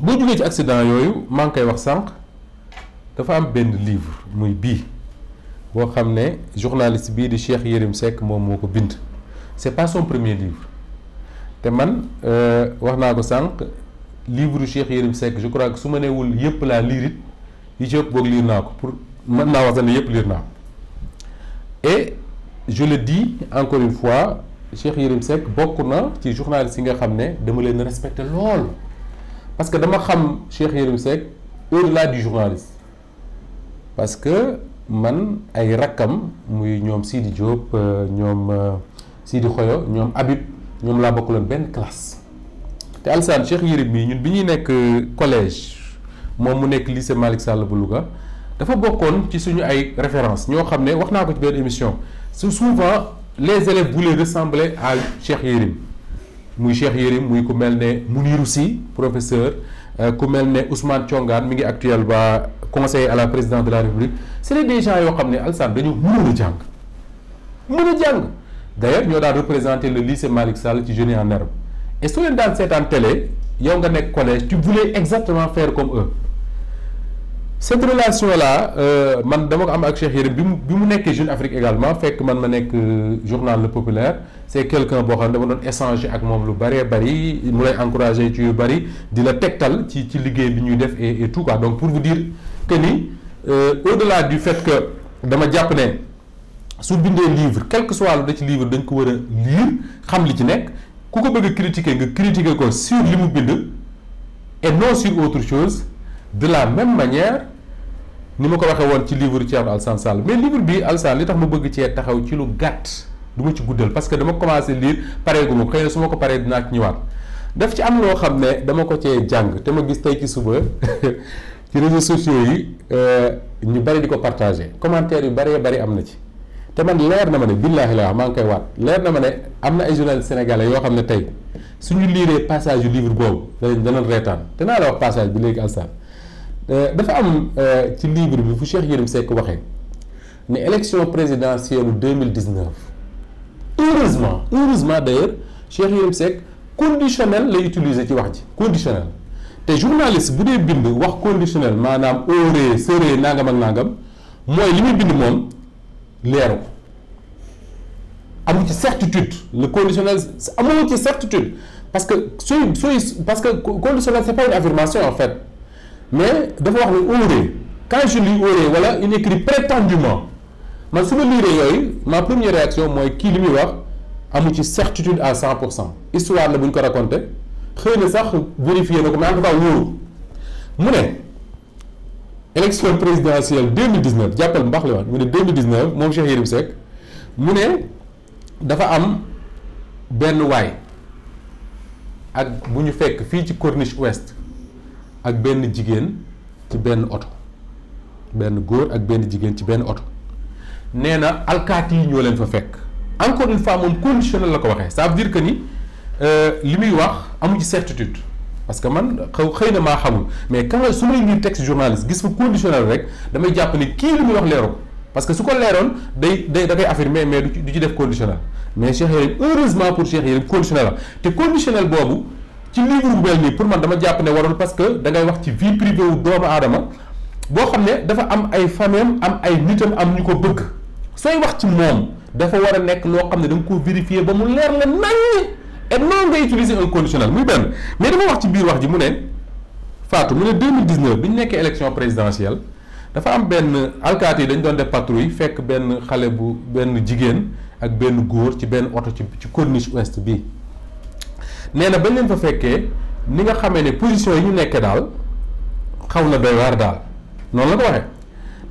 boo jógee ci accident yooyu maa ngi koy wax sànq dafa am benn livre muy bii boo xam ne journaliste bii di Cheikh Yérim sekk moom moo ko bind c'est pas son premier livre te man euh, wax naa ko sànq livre yu Cheikh Yérim Seck je crois que su ma newul yëpp laa liir it yi ci ëpp boog liir naa ko pour mën naa wax sax ne yëpp liir naa ko et je le dis encore une fois Cheikh Yérim Seck bokk na ci journaliste yi nga xam ne dama leen respecte lool parce que dama xam Cheikh Yérim Seck au la du journaliste parce que man ay rakkam muy ñoom Sidi Diop euh, ñoom euh, Sidi Xoyo ñoom Habib ñoom laa bokkaloon benn classe te Alassane Cheikh Yérim bii ñun bi ñuy nekk collège moom mu nekk lycée Malick Sall bu Louga dafa bokkoon ci suñu ay référence ñoo xam ne wax naa ko ci benn émission su souvent les élèves voulaient ressembler à Cheikh Yérim muy Cheikh Yérim muy ku mel mu Mounirou Sy professeur euh, ku mel ne Ousmane Thiongaan mi ngi actuel ba conseiller à la présidence de la République c'est des gens yoo xam ni Alassane dañu mënoon a jàng mën a jàng d'ailleurs ñoo daan représenter le lycée Malick Sall ci Jeunes en herbe et soo leen daan seetaan télé yow nga nekk collège tu voulais exactement faire comme eux cette relation là euh, man dama ko am ak Cheikh Yérim bi mu bi mu nekkee Jeune Afrique également fekk man ma nekk euh, journal Le Populaire c'est quelqu'un boo xam ne dama doon échanger ak moom lu bëree bëri mu lay encourager ci yu bëri di la tegtal ci ci liggéey bi ñuy def et et tout quoi donc pour vous dire que ni euh, au-delà du fait que dama jàpp ne su bindee livre quel que soit lu da ci livre dañ ko war a xam li ci nekk ku ko bëgg a critiquer nga critiquer ko sur li mu bind et non sur de la même manière. ni ma ko waxee woon ci livre am Alassane Sall mais livre bi Alassane li tax ma bëgg cee taxaw ci lu gàtt du ma ci guddal parce que dama commencé lire pareegu ma xëy na su ma ko paree dinaa ci ñëwaat daf ci am loo xam ne dama ko cee jàng te ma gis tey ci suba ci réseaux sociaux yi euh, ñu bari di ko partagé commentaire yu baree bari am na ci te man leer na ma ne billaahi la wax maa ngi koy waat leer na ma ne am na ay journalistes sénégalais yoo xam ne tey suñu liiree passage yu boobu danañ danañ reetaan te naa la wax passage bi léegi Alassane Euh, dafa am euh, ci livre bi fu Cheikh Yérim Seck waxee ne élection présidentielle deux mille dix neuf heureusement heureusement d' ailleurs Cheikh Yérim Seck conditionnel lay utiliser ci wax ji conditionnel te journaliste bu dee bind wax conditionnel maanaam aurait serait nangam ak nangam mooy li muy bind moom leeru ko amu ci certitude le conditionnel amoo ci certitude parce que sooy sooy parce que conditionnel c' est pas affirmation en fait. mais dafa wax ne aurait quand je lis aurait wala il écrit prétendument man su ma liiree yooyu ma première réaction mooy kii li muy wax amu ci certitude à cent pour cent histoire la bu ñu ko raconté xëy na sax vérifié na ko mais en tout cas wóoru mu ne élection présidentielle 2019 jàppal mbaax la wax mu ne 2019 moom Cheikh Yérim Seck mu ne dafa am benn waay ak bu ñu fekk fii ci corniche ouest ak benn jigéen ci benn oto benn góor ak benn jigéen ci benn oto nee na alkaati yi ñoo leen fa fekk encore une fois moom conditionnel la ko waxee ça veut que ni euh, li muy wax amu ci certitude parce que man xaw xëy na maa xamul mais quand su may lire texte journaliste gis fa conditionnel rek damay jàpp ni kii li muy wax leeru parce que su ko leeroon day day da koy affirmer mais du ci def conditionnel mais Cheikh Yérim heureusement pour Cheikh Yérim conditionnel te conditionnel boobu. ci livre bu nii pour man dama jàpp ne warul parce que da ngay wax ci vie privée wu doomu aadama boo xam ne dafa am ay famem am ay nitam am ñu ko bëgg sooy wax ci moom dafa war a nekk loo xam ne da nga ko vérifier ba mu leer la naññ et non ngay utiliser un conditionnel muy benn mais dama wax ci biir wax ji mu ne Fatou mu ne 2019 bi ñu nekkee élection présidentielle dafa am benn alkaati dañ doon def patrouille fekk benn xale bu benn jigéen ak benn góor ci benn oto ci ci corniche bi nee na bañ leen fa fekkee ni nga xamee ne position yi ñu nekkee daal xaw na doy waar daal noonu la ko waxee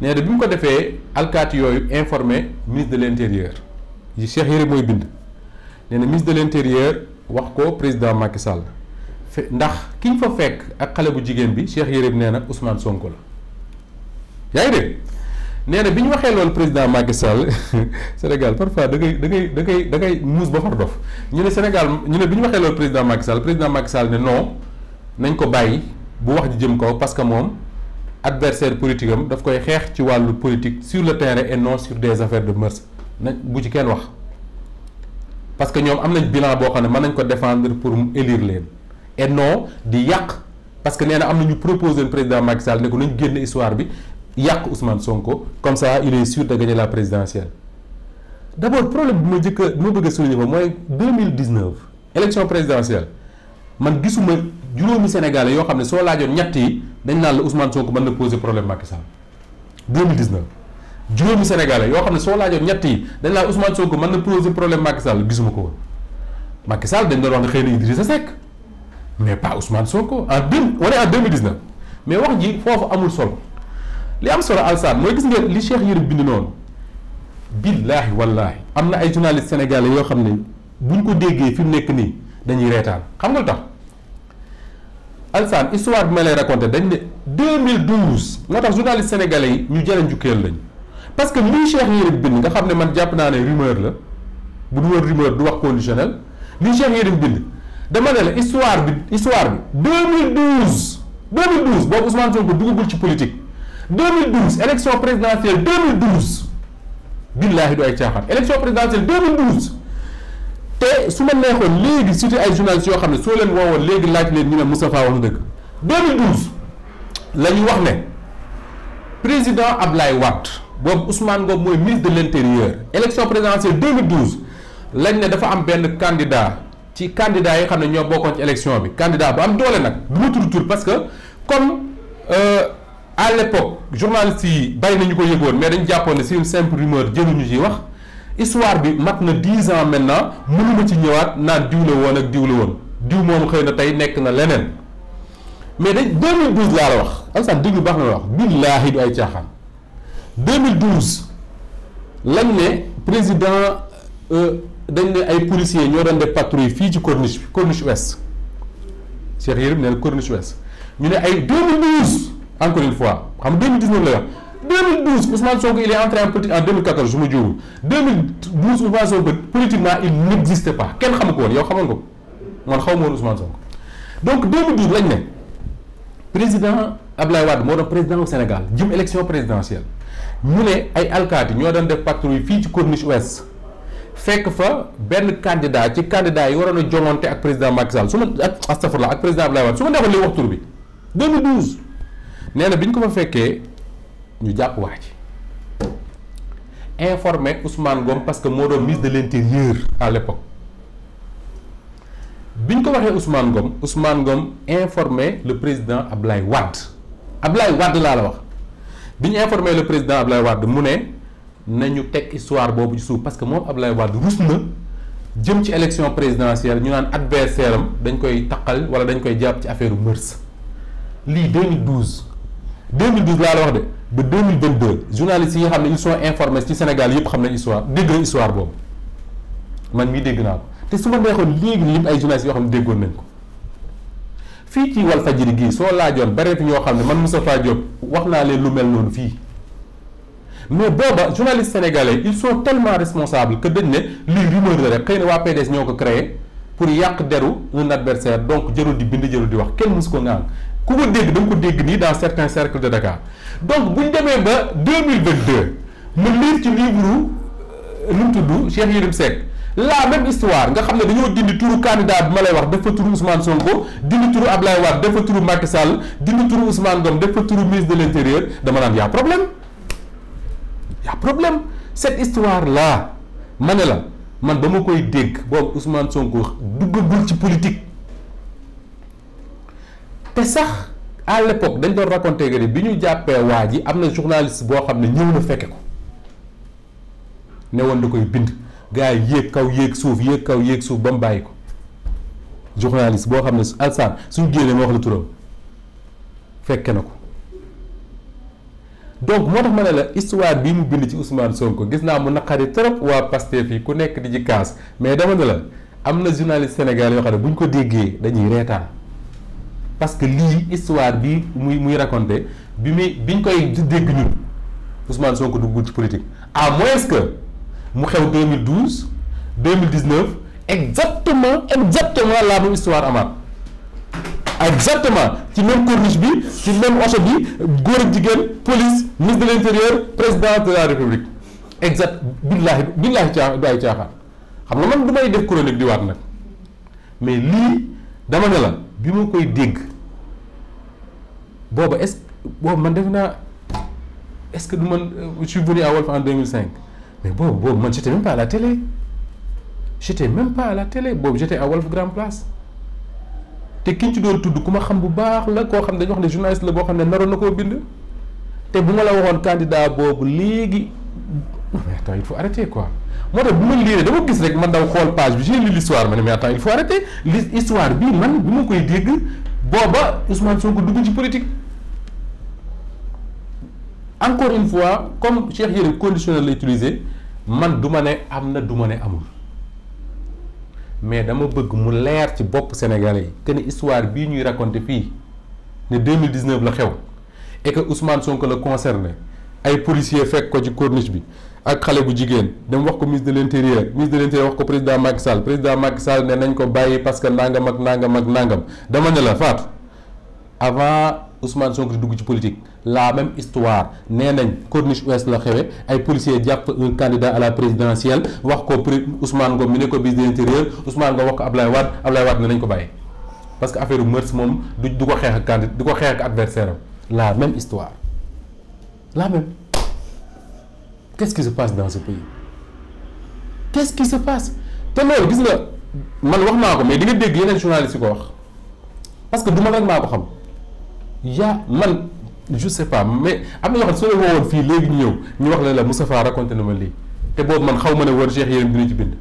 nee na bi mu ko defee alkaati yooyu informé ministre de l' intérieur yi Cheikh Yérim mooy bind nee na ministre de l' wax ko président Macky Sall ndax ki ñu fa fekk ak xale bu jigéen bi Cheikh Yérim nee na Ousmane Sonko la yaa ngi nee bi ñu waxee loolu président Macky Sall Sénégal parfois da ngay da ngay da ngay da ngay muus ba far dof ñu ne Sénégal ñu ne bi ñu waxee loolu président Macky Sall président Macky Sall ne non nañ ko bàyyi bu wax ji jëm kaw parce que moom adversaire politique am daf koy xeex ci wàllu politique sur le terrain et non sur des affaires de mœurs nañ bu ci kenn wax. parce que ñoom am nañ bilan boo xam ne mën nañ ko défendre pour élire leen et non di yàq parce que nee am na ñu proposé président Macky Sall ne ko nañ génn histoire bi yàq Ousmane Sonko comme sa il est sûr de gagner la présidentielle d' abord problème bu ma njëkk a ma bëgg a souligner ko mooy deux mille dix neuf élection présidentielle man gisuma juróomi Sénégalais yoo xam ne soo laajoon ñett yi dañ naan usman Ousmane Sonko mën na poser problème Macky Sall deux mille dix neuf juróomi Sénégalais yoo xam ne soo laajoon ñett dañ naan Ousmane Sonko mën na poser problème Macky gisuma ko woon Macky Sall dañ doon wax ne xëy na Idrissa Seck mais pas Ousmane Sonko en deux on est en deux mille dix neuf mais wax ji foofu amul solo. li am solo alsaan mooy gis nga li Cheikh Yérim bind noonu billaahi wallaahi am na ay journaliste sénégalais yoo xam ne buñ ko déggee fi mu nekk nii dañuy reetaan xam nga lu tax alsaan histoire bi ma lay raconté dañ ne 2012 moo tax journaliste sénégalais yi ñu jëriñ jukkeel lañ parce que lii Cheikh Yérim bind nga xam ne man jàpp naa ne rumeur la bu du woon rumeur du wax conditionnel lii Cheikh Yérim bind dama ne la histoire bi histoire bi 2012 2012 boobu Ousmane Sonko ci politique. 2012 élection présidentielle 2012 billaahi du ay caaxaan élection présidentielle te su ma neexoon léegi cité ay journalistes yoo xam ne soo leen woowoon léegi laaj leen ñi ne Moustapha wax na dëgg 2012 la ñu wax ne président ab Ablaye Wade boobu Ousmane Ngom mooy ministre de l' intérieur élection présidentielle 2012 lañ ne dafa am benn candidat ci candidat yi xam ne ñoo bokkoon ci élection bi candidat bu am doole nag du ma tudd tur parce que comme. Euh, à l'époque journalistes yi bari nañu ko yëgoon mais dañu jàppoon ne c'est une simple rumeur jëluñu ci wax histoire bi mat na dix ans maintenant ma ci ñëwaat naan diw la woon ak diw la woon diw moom xëy na tey nekk na leneen mais dañ 2012 laa la wax Alassane déglu baax na la wax billaahi du ay caaxaan 2012 lañ ne président euh, dañ ne ay policiers ñoo doon def patrouille fii ci corniche corniche ouest Cheikh Yérim neen corniche ouest ñu ne ay encore une fois xam nga 2019 la wax 2012 Ousmane Sonko il est entré en politique en 2014 su ma juumul 2012 Ousmane Sonko politiquement il n'existe pas kenn xamu ko xamoon ko man xaw ma woon Ousmane Sonko donc 2012 lañ ne président Ablaye Wade moo doon président au Sénégal jëm élection présidentielle mu ne ay alkaati ñoo doon def patrouille fii ci Corniche Ouest fekk fa benn candidat ci candidat yi waroon a joŋante ak président Macky Sall su ma ak astafurla ak bi nee na bi ñu ko fa fekkee ñu jàpp wax ci informé Ousmane Ngom parce que moo doon ministre de l'intérieur à l'époque bi ñu ko waxee Ousmane gom Ousmane Ngom informé le président Ablaye ab Ablaye Wade laa la wax bi ñu informé le président Ablaye Wade mu ne nañu teg histoire boobu ci suuf parce que moom Ablaye Wade rus na jëm ci élection présidentielle ñu naan adversaire am dañ koy taqal wala dañ koy jàpp ci affaire mœurs lii 2012 laa la wax de ba 2022 journalistes yi nga xam ne ils sont informés ci Sénégal yëpp xam nañ histoire dégg nga histoire boobu man mii dégg naa ko te su ma neexoon léegi lim ay journalistes yoo xam ne déggoo nañ ko fii ci Walfadjri gii soo laajoon bareetu ñoo xam ne man Moustapha Diop wax naa leen lu mel noonu fii mais booba journalistes sénégalais ils sont tellement responsables que dañ ne lii rumeur la rek xëy na waa PDS ñoo ko créé pour yàq deru un adversaire donc jërul di bind jërul di wax kenn mosu ko ŋaan ku ko dégg da ko dégg nii dans certains cercles de Dakar donc bu ñu demee ba deux mille vingt deux mu lire ci livre lu euh, mu tudd Cheikh Yérim Seck la même histoire nga xam ne dañoo dindi turu candidat bi ma lay wax def fa turu Ousmane Sonko dindi turu Ablaye Wade def fa turu Macky Sall dindi turu Ousmane Ngom de l' dama naan y' a problème y' problème cette histoire là ma ne la man ba ma koy dégg boobu Ousmane Sonko duggagul ci politique. te sax à l'époque dañ doon raconté que ni bi ñu jàppee waa ji am na journaliste boo xam ne ñëw na fekke ko ne woon da koy bind gars yi yéeg kaw yéeg suuf yéeg kaw yéeg suuf ba mu bàyyi ko journaliste boo xam ne Alsaan suñu génnee ma wax la turam fekke na ko donc moo tax ma ne la histoire bi mu bind ci Ousmane Sonko gis naa mu naqari trop waa Pastef fii ku nekk di ci kaas mais dama ne la am na journaliste Sénégal yoo xam ne bu ñu ko déggee dañuy reetaan. parce que lii histoire bi muy muy raconté bi muy biñ koy dégg ñun Ousmane Sonko duggul ci politique à moins que mu xew 2012 2019 exactement exactement la même histoire amaat exactement ci même corniche bi ci même oto bi góor ak jigéen police ministre de l' président de la république exact billaahi billaahi caa du ay caaxaan xam nga man du may def chronique di waat nag mais lii dama ne bi ma koy dégg booba est-ce boobu man def naa est-ce que du man je suis venu à Walf en cinq mais boobu boobu man j'étais même pas à la télé j'étais même pas la télé boobu j'étais à Walf Grand Place te kiñ ci doon tudd ku ma xam bu baax la koo xam ne dañu wax ne journaliste la boo xam ne naroon na koo bind te bu ma la waxoon candidat boobu léegi mais attends il faut arrêter quoi moo tax bu ma liiree dama gis rek man daw xool page bi j'ai lu l'histoire ma ne mais attends il faut arrêter bi man bi ma koy dégg booba Ousmane Sonko ci politique encore une fois comme Cheikh Yérim conditionnel la utiliser man du ma ne am na du ma ne amul mais dama bëgg mu leer ci bopp Sénégalais yi kenn ne histoire bii ñuy raconter fii ne 2019 la xew et que Ousmane Sonko la concerné ay policiers fekk ko ci corniche bi ak xale bu jigéen dem wax ko ministre de l' intérieur ministre de l' wax ko président Macky Sall président Macky Sall ne nañ ko bàyyi parce que nangam ak nangam ak nangam dama ne la faatu avant. Ousmane Sonko di dugg ci politique la même histoire nee nañ Corniche Ouest la xewe ay policiers jàpp un à la présidentielle wax ko pré Ousmane Ngom mi ne ko bis de l'intérieur Ousmane Ngom wax ko Ablaye Wade Ablaye Wade ne nañ ko bàyyi parce que affaire mœurs moom du du ko xeex ak candidat du ko xeex ak adversaire am la même histoire la même qu'est-ce qui se passe dans ce pays qu'est-ce qui se passe te loolu gis nga man wax naa ko mais di nga dégg yeneen journaliste que du ma yaa man je sais pas mais am na yoo xam ne su la woowoon fii léegi ñu ñëw ñu wax la la Moustapha raconté na ma lii te boobu man xaw ma ne war Cheikh Yérim dina ci bind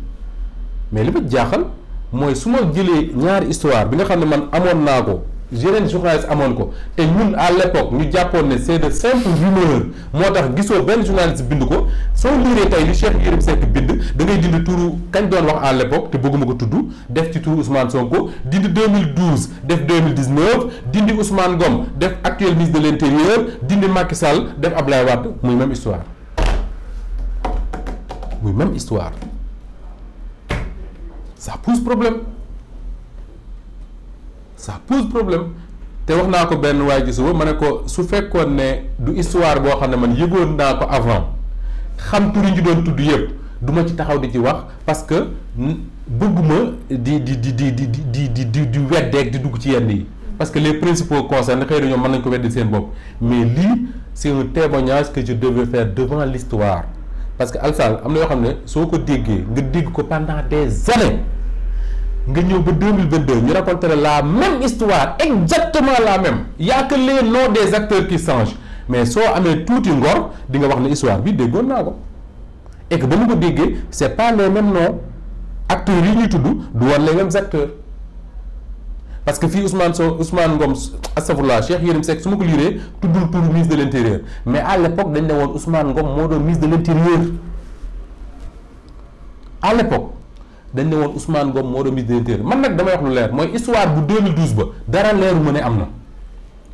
mais li ma jaaxal mooy su ma jëlee ñaari histoire bi nga xam ne man amoon naa ko yeneen journaliste amoon ko te ñun à l'époque ñu jàppoon ne c'est de simple rumeur moo tax gisoo benn journaliste bind ko soo liiree tey li Cheikh Yérim Seck bind dangay dindi turu kañ doon wax à l'époque te bëgguma ko tudd def ci turu Ousmane Sonko dindi 2012 def 2019 dindi Ousmane Ngom def actuel ministre de l'intérieur dindi Macky Sall def Abdoulaye Wade muy même histoire muy même histoire ça pose problème. sax pose problème te wax naa ko benn waay ji suba ma ne ko su fekkoon ne du histoire boo xam ne man yëgoon naa ko avant xam tur ju ñu doon tudd yëpp du ma ci taxaw di ci wax parce que bëgguma di di di di di di di di di weddeeg di dugg ci yenn yi parce que les principaux concernés xëy na ñoom mën nañ ko weddi seen bopp mais lii c'est un témoignage que je devais faire devant l'histoire parce que alsal am na yoo xam ne soo ko déggee nga dégg ko pendant des années nga ñëw ba deux mille vingt deux ñu raconter la même histoire exactement la même y lee que les noms des acteurs qui changent mais soo amee tuuti ngor di nga wax ne histoire bi déggoon naa ko et ba mu ko déggee c' est pas les mêmes noms acteurs yi ñuy tudd du woon les mêmes acteurs parce que fii Ousmane so Ousmane Ngom astafurlah Cheikh Yérim Seck su ma ko liiree tuddul turu ministre de l' intérieur mais à l' dañ ne woon Ousmane Ngom moo doon ministre de l' intérieur à dañ ne woon usmaan Ngom moo doon ministre de l'intérieur man nag damay wax lu leer mooy histoire bu 2012 ba dara leeru ma ne am na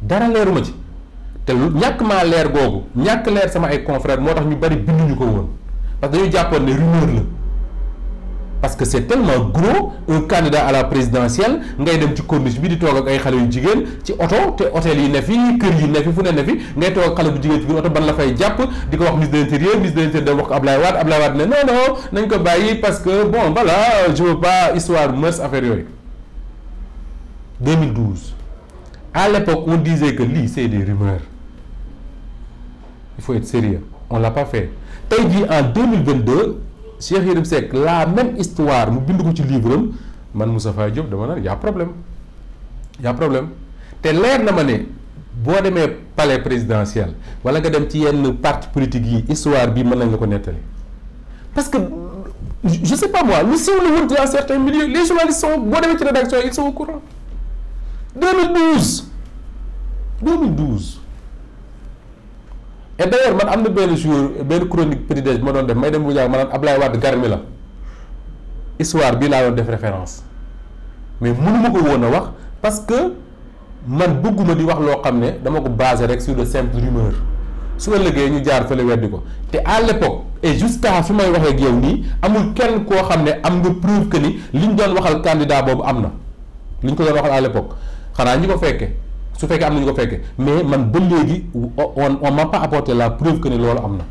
dara leeru ma ci te ñàkk maa leer googu ñàkk leer sama ay confrères moo tax ñu bari ñu ko woon parce que jàppoon ne rumeur la. parce que c'est tellement gros un candidat à la présidentielle ngay dem ci corniche bi di toog ak ay xale yu jigéen ci oto te hôtel yi ne fi kër yi ne fu ne ne fi ngay toog ak xale bu jigéen ci biir oto ban la fay jàpp di ko wax ministre de l'intérieur ministre de l'intérieur da wax ko Ablaye Wade Ablaye Wade ne non nañ ko bàyyi parce que bon voilà je veux pas histoire mœurs affaire yooyu 2012 à l'époque on disait que lii c'est de rumeurs il faut être sérieux on l'a pas fait Cheikh Yérim Seck la même histoire mu bind ko ci livre am man Moustapha Diop dama naan y' a problème y' a problème te leer na ma ne boo demee pale présidentiel wala nga dem ci yenn parti politique yi histoire bi mën nañ la ko nettali parce que je sais pas moi lu siiw la wut dans certains milieux les journalistes sont boo demee ci rédaction ils sont au courant 2012 2012. et d' ailleurs man am na benn jour benn chronique petit déj ma doon def may dem bu jàng ma naan Ablaye Wade garmi la histoire bii laa doon def référence mais ma ko woon a wax parce que man bëgguma di wax loo xam ne dama ko basé rek sur de simples rumeurs su ëllëgee ñu jaar fële weddi ko te à l' époque et jusqu'à fi may waxee géew yow nii amul kenn koo xam ne am nga preuve que ni liñ doon waxal candidat boobu am na liñ ko doon waxal à l' xanaa ñi ko fekkee. su fekkee am nañu ko fekkee mais man ba léegi on on m'a pas la preuve que ne loolu am na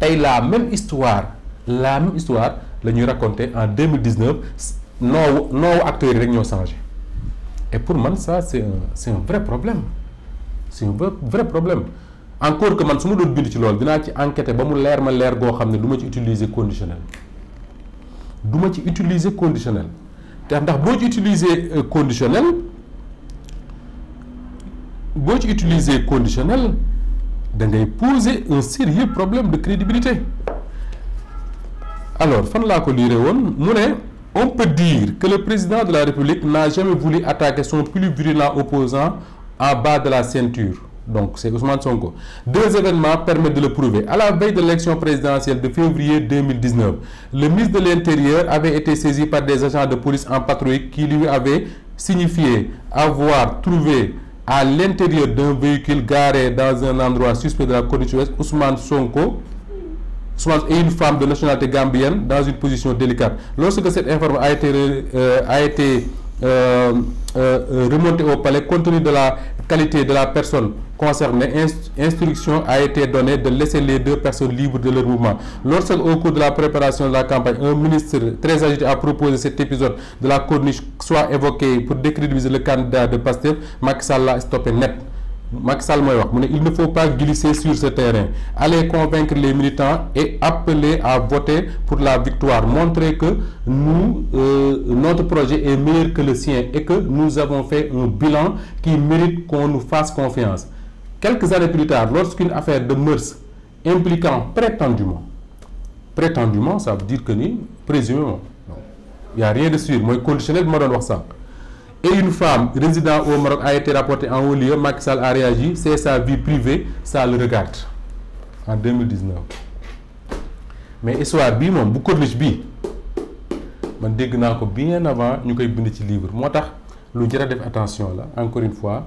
tey la même histoire la même histoire la ñuy raconté en 2019 noowu noowu acteurs yi rek ñoo changé et pour man ça c'est un c'est un vrai problème c'est un vrai, problème encore que man su ma doon bind ci loolu dinaa ci enquêter ba mu leer ma leer goo xam ne duma ci utiliser conditionnel duma ci utiliser conditionnel te ndax boo ci utiliser euh, conditionnel boo ci utiliser conditionnel da ngay poser un sérieux problème de crédibilité alors fan laa ko liire woon mu ne on peut dire que le président de la République n'a jamais voulu attaquer son plus virulent opposant en bas de la ceinture donc c'est Ousmane Sonko deux événements permettent de le prouver à la veille de l'élection présidentielle de février 2019 le ministre de l'Intérieur avait été saisi par des agents de police en patrouille qui lui avaient signifié avoir trouvé à l'intérieur d'un véhicule garé dans un endroit suspect de la Corniche Ouest, Ousmane Sonko Ousmane une femme de nationalité gambienne dans une position délicate. Lorsque cette information a été, euh, a été euh, euh, euh remontée de la qualité de la personne concernés inst instruction a été donnée de laisser les deux personnes libres de leur mouvement lorsque au cours de la préparation de la campagne un ministre très agité a proposé cet épisode de la corniche soit évoqué pour décrédibiliser le candidat de Pastef Macky Sall l'a stoppé net Macky Sall mooy wax mu ne il ne faut pas glisser sur ce terrain aller convaincre les militants et appeler à voter pour la victoire montrer que nous euh, notre projet est meilleur que le sien et que nous avons fait un bilan qui confiance quelques années plus tard lorsqu'une affaire de mœurs impliquant prétendument prétendument ça veut dire que ni présumément il y a rien de sûr mooy conditionnel bi ma doon wax sànq et une femme résidant au Maroc a été rapportée en haut lieu Macky Sall a réagi c'est sa vie privée ça le regarde en 2019 mais histoire bii moom bu corniche bi man dégg naa ko bien avant ñu koy bind ci libre moo tax lu jar def attention la encore une fois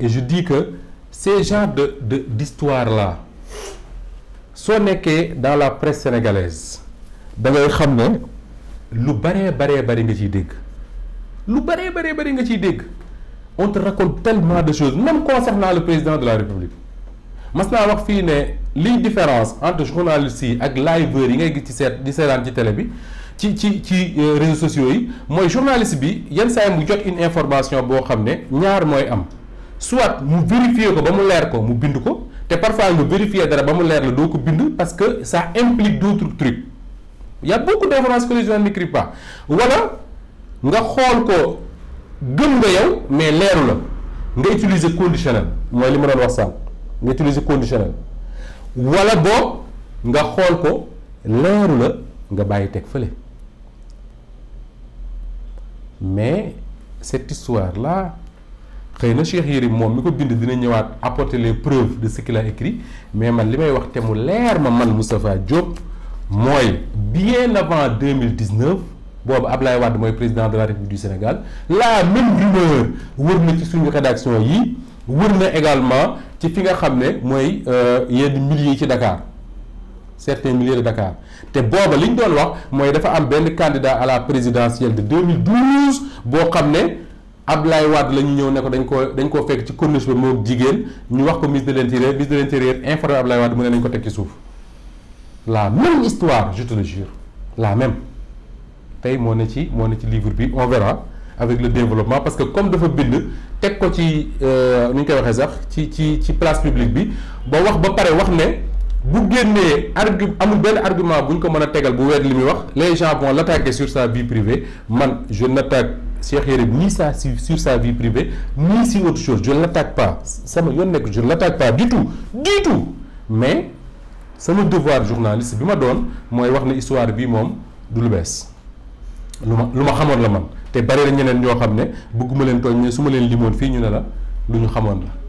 et je dis que ces genres de de d'histoire là soo nekkee dans la presse sénégalaise dangay xam ne lu baree baree bëri nga ciy dégg lu bëree bëree bëri nga ciy dégg on te raconte tellement de choses même concernant le président de la république mas naa wax fii ne liy différence entre journalistes yi ak liveurs yi ngay gis ci seet di seetaan ci télé bi ci ci ci euh, réseaux sociaux yi mooy journaliste bi yenn saa yi mu jot une information boo xam ne ñaar mooy am soit mu vérifier ko ba mu leer ko mu bind ko te parfois nga vérifier dara ba mu leer la doo ko bind parce que ça implique d'autres trucs il y a beaucoup d'informations que les gens n'écrivent pas wala nga xool ko gëm nga yow mais leeru la nga utiliser conditionnel mooy li ma doon wax sànq nga utiliser conditionnel wala boo nga xool ko leeru la nga bàyyi teg fële mais cette histoire là xëy na Cheikh Yérim moom mi ko bind dina ñëwaat apporter les preuves de ce qu'il a écrit mais man li may wax te mu leer ma man Moustapha Diop mooy bien avant 2019 boobu Ablaye Wade mooy président de la République du Sénégal la même rumeur wër na ci suñu rédaction yi wër na également ci fi nga xam ne mooy euh, yenn milliers ci Dakar certains milliers de Dakar te booba li ñu doon wax mooy dafa am benn kandidaa à la présidentielle de 2012 boo xam ne. Abdoulaye Wade la ñu ñëw ne dañ koo dañ koo fekk ci corniche bi moo jigéen ñu wax ko ministre de l'intérieur ministre de l'intérieur informé Abdoulaye Wade mu ne nañ ko teg ci suuf la même histoire je te le la même tey moo ne ci moo ne ci livre bi on verra avec le développement parce que comme dafa bind teg ko ci euh, nu ñu koy waxee sax ci ci ci place publique bi ba wax ba pare wax ne bu génnee argu amul benn argument bu ñu ko mën a tegal bu weer li muy wax les gens vont l'attaquer sur sa vie privée man je n'attaque Cheikh Yérim ni ça sur sa vie privée ni si autre chose je ne l'attaque pas sama yoon nekk je ne l'attaque pas du tout du tout mais sama devoir journaliste bi ma doon mooy wax ne histoire bi moom du lu bees lu ma lu ma xamoon la man te bari na ñeneen ñoo xam ne bëgguma leen tooñ mais suma ma leen limoon fii ñu ne la lu ñu xamoon la